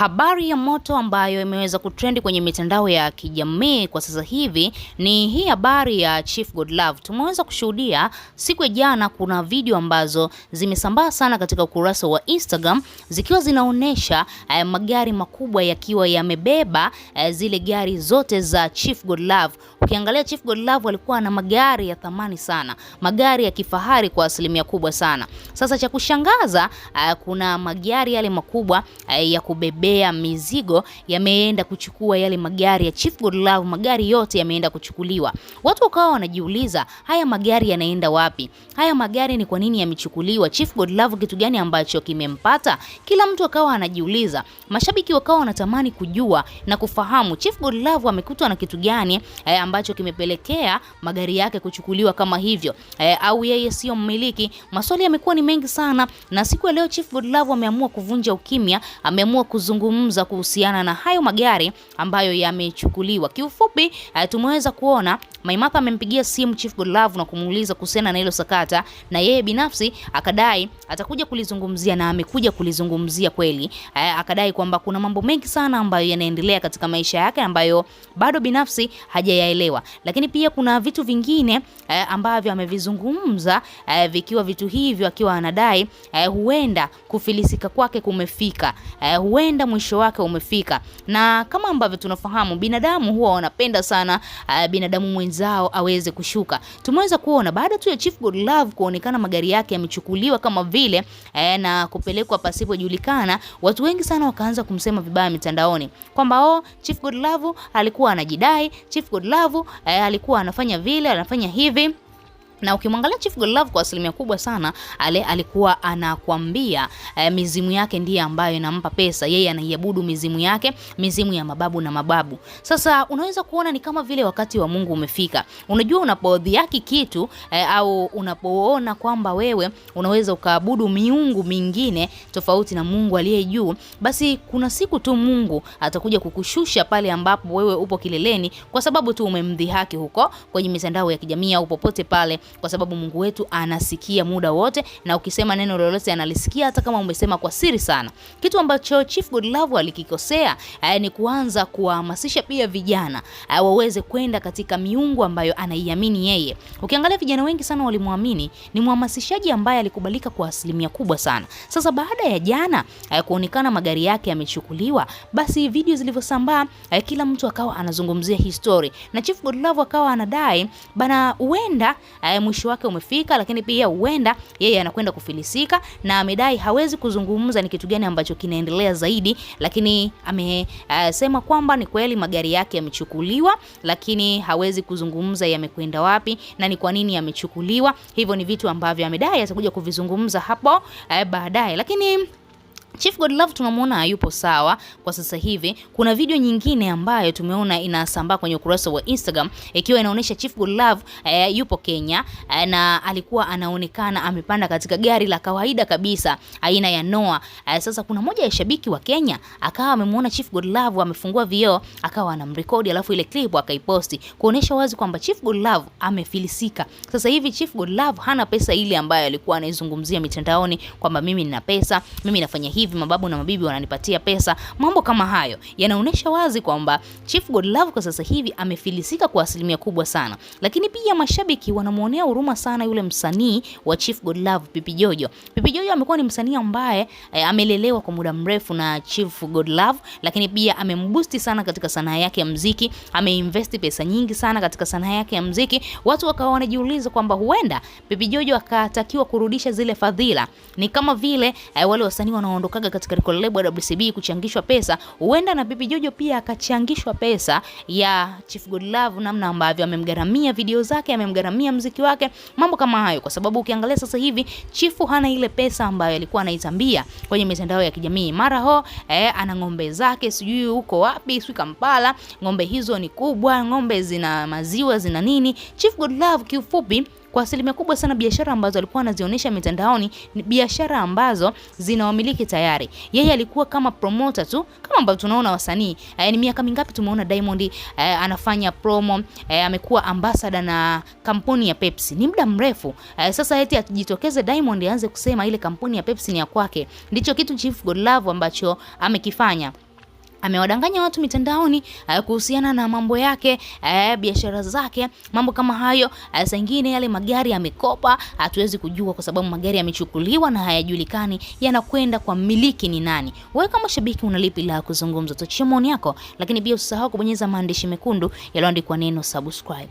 Habari ya moto ambayo imeweza kutrendi kwenye mitandao ya kijamii kwa sasa hivi ni hii habari ya Chief Godlove. Tumeweza kushuhudia siku ya jana, kuna video ambazo zimesambaa sana katika ukurasa wa Instagram zikiwa zinaonyesha eh, magari makubwa yakiwa yamebeba eh, zile gari zote za Chief Godlove. Ukiangalia Chief Godlove alikuwa na magari ya thamani sana, magari ya kifahari kwa asilimia kubwa sana. Sasa cha kushangaza eh, kuna magari yale makubwa eh, ya kubebea kubebea mizigo yameenda kuchukua yale magari ya Chief Godlove, magari yote yameenda kuchukuliwa. Watu wakawa wanajiuliza haya magari yanaenda wapi? Haya magari ni kwa nini yamechukuliwa? Chief Godlove kitu gani ambacho kimempata? Kila mtu akawa anajiuliza. Mashabiki wakawa wanatamani kujua na kufahamu Chief Godlove amekutwa na kitu gani eh, ambacho kimepelekea magari yake kuchukuliwa kama hivyo eh, au yeye sio mmiliki. Maswali yamekuwa ni mengi sana, na siku ya leo Chief Godlove ameamua kuvunja ukimya, ameamua kuzungumza kuzungumza kuhusiana na hayo magari ambayo yamechukuliwa. Kiufupi eh, tumeweza kuona Maimartha amempigia simu Chief Godlove na kumuuliza kuhusiana na hilo sakata, na yeye binafsi akadai atakuja kulizungumzia na amekuja kulizungumzia kweli. Eh, akadai kwamba kuna mambo mengi sana ambayo yanaendelea katika maisha yake ambayo bado binafsi hajayaelewa, lakini pia kuna vitu vingine eh, ambavyo amevizungumza, eh, vikiwa vitu hivyo akiwa anadai huenda kufilisika kwake kumefika, huenda mwisho wake umefika, na kama ambavyo tunafahamu binadamu huwa wanapenda sana binadamu mwenye mwenzao aweze kushuka. Tumeweza kuona baada tu ya Chief Godlove kuonekana magari yake yamechukuliwa kama vile eh, na kupelekwa pasipojulikana, watu wengi sana wakaanza kumsema vibaya mitandaoni kwamba oh, Chief Godlove alikuwa anajidai, Chief Godlove eh, alikuwa anafanya vile, anafanya hivi na ukimwangalia Chief Godlove kwa asilimia kubwa sana ale alikuwa anakwambia eh, mizimu yake ndiye ambayo inampa pesa, yeye anaiabudu mizimu yake, mizimu ya mababu na mababu. Sasa unaweza kuona ni kama vile wakati wa Mungu umefika. Unajua, unapodhiaki kitu eh, au unapoona kwamba wewe unaweza ukaabudu miungu mingine tofauti na Mungu aliye juu, basi kuna siku tu Mungu atakuja kukushusha pale ambapo wewe upo kileleni, kwa sababu tu umemdhihaki huko kwenye mitandao ya kijamii au popote pale kwa sababu Mungu wetu anasikia muda wote, na ukisema neno lolote analisikia, hata kama umesema kwa siri sana. Kitu ambacho Chief Godlove alikikosea eh, ni kuanza kuwahamasisha pia vijana eh, waweze kwenda katika miungu ambayo anaiamini yeye. Ukiangalia vijana wengi sana walimwamini, ni mhamasishaji ambaye alikubalika kwa asilimia kubwa sana. Sasa baada ya jana eh, kuonekana magari yake yamechukuliwa, basi video zilivyosambaa, eh, kila mtu akawa anazungumzia hii story na Chief Godlove akawa anadai bana, huenda eh, mwisho wake umefika, lakini pia huenda yeye anakwenda kufilisika, na amedai hawezi kuzungumza ni kitu gani ambacho kinaendelea zaidi, lakini amesema uh, kwamba ni kweli magari yake yamechukuliwa, lakini hawezi kuzungumza yamekwenda wapi na ni kwa nini yamechukuliwa. Hivyo ni vitu ambavyo amedai atakuja kuvizungumza hapo uh, baadaye, lakini Chief Godlove tunamwona yupo sawa kwa sasa hivi. Kuna video nyingine ambayo tumeona inasambaa kwenye ukurasa wa Instagram ikiwa inaonyesha Chief Godlove e, yupo Kenya e, na alikuwa anaonekana amepanda katika gari la kawaida kabisa aina ya Noah. E, sasa kuna moja ya shabiki wa Kenya akawa amemwona Chief Godlove amefungua vioo akawa anamrekodi, alafu ile clip akaiposti kuonesha wazi kwamba Chief Godlove amefilisika. Sasa hivi Chief Godlove hana pesa ile ambayo alikuwa anaizungumzia mitandaoni kwamba mimi nina pesa, mimi nafanya hii hivi mababu na mabibi wananipatia pesa. Mambo kama hayo yanaonyesha wazi kwamba Chief Godlove kwa sasa hivi amefilisika kwa asilimia kubwa sana, lakini pia mashabiki wanamuonea huruma sana yule msanii wa Chief Godlove, Pipi Jojo. Pipi Jojo amekuwa ni msanii ambaye e, amelelewa kwa muda mrefu na Chief Godlove, lakini pia amembusti sana katika sanaa yake ya mziki ameinvest pesa nyingi sana katika sanaa yake ya mziki Watu wakawa wanajiuliza kwamba huenda Pipi Jojo akatakiwa kurudisha zile fadhila, ni kama vile e, wale wasanii wanaondoka kutokaga katika rekolebo ya WCB kuchangishwa pesa, huenda na Bibi Jojo pia akachangishwa pesa ya Chief Godlove, namna ambavyo amemgaramia video zake, amemgaramia mziki wake, mambo kama hayo, kwa sababu ukiangalia sasa hivi Chifu hana ile pesa ambayo alikuwa anaitambia kwenye mitandao ya kijamii mara ho eh, ana ng'ombe zake sijui huko wapi, sijui Kampala. Ng'ombe hizo ni kubwa, ng'ombe zina maziwa zina nini. Chief Godlove kiufupi kwa asilimia kubwa sana biashara ambazo alikuwa anazionyesha mitandaoni ni biashara ambazo zina wamiliki tayari. Yeye alikuwa kama promoter tu, kama ambavyo tunaona wasanii. Eh, ni miaka mingapi tumeona Diamond eh, anafanya promo, eh, amekuwa ambassador na kampuni ya Pepsi. Ni muda mrefu. Sasa eti atujitokeze Diamond aanze kusema ile kampuni ya Pepsi ni ya kwake. Ndicho kitu Chief Godlove ambacho amekifanya amewadanganya watu mitandaoni eh, kuhusiana na mambo yake eh, biashara zake, mambo kama hayo. Eh, saa ingine yale magari amekopa, hatuwezi kujua kwa sababu magari yamechukuliwa na hayajulikani yanakwenda kwa mmiliki ni nani. Wewe kama shabiki unalipi la kuzungumza? Tuachie maoni yako, lakini pia usisahau kubonyeza maandishi mekundu yaliyoandikwa neno subscribe.